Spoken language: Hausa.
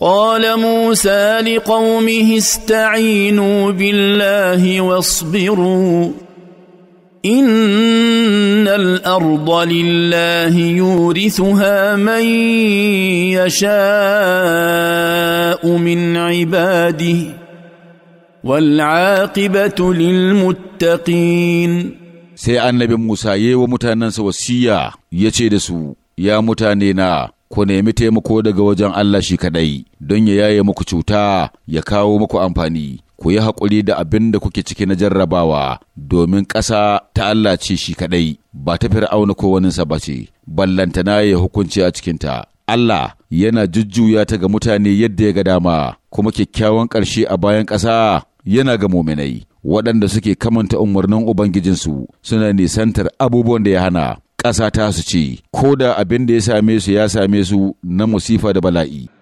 قال موسى لقومه استعينوا بالله واصبروا ان الارض لله يورثها من يشاء من عباده والعاقبه للمتقين sai annabi Musa ya yi wa mutanensa wasiya ya ce da su, Ya mutane na, ku nemi taimako daga wajen Allah shi kaɗai, don ya yaye muku cuta ya kawo muku amfani, ku yi haƙuri da abin da kuke ciki na jarrabawa, domin ƙasa ta Allah ce shi kaɗai, ba ta fir'auna ko wani ba ce, ballantana ya hukunci a cikinta. Allah yana jujjuya ta ga mutane yadda ya ga dama, kuma kyakkyawan ƙarshe a bayan ƙasa yana ga muminai, waɗanda suke kamanta umarnin Ubangijinsu suna nisantar abubuwan da ya hana. ƙasa ta su ce, ko da abin da ya same su ya same su na musifa da bala'i.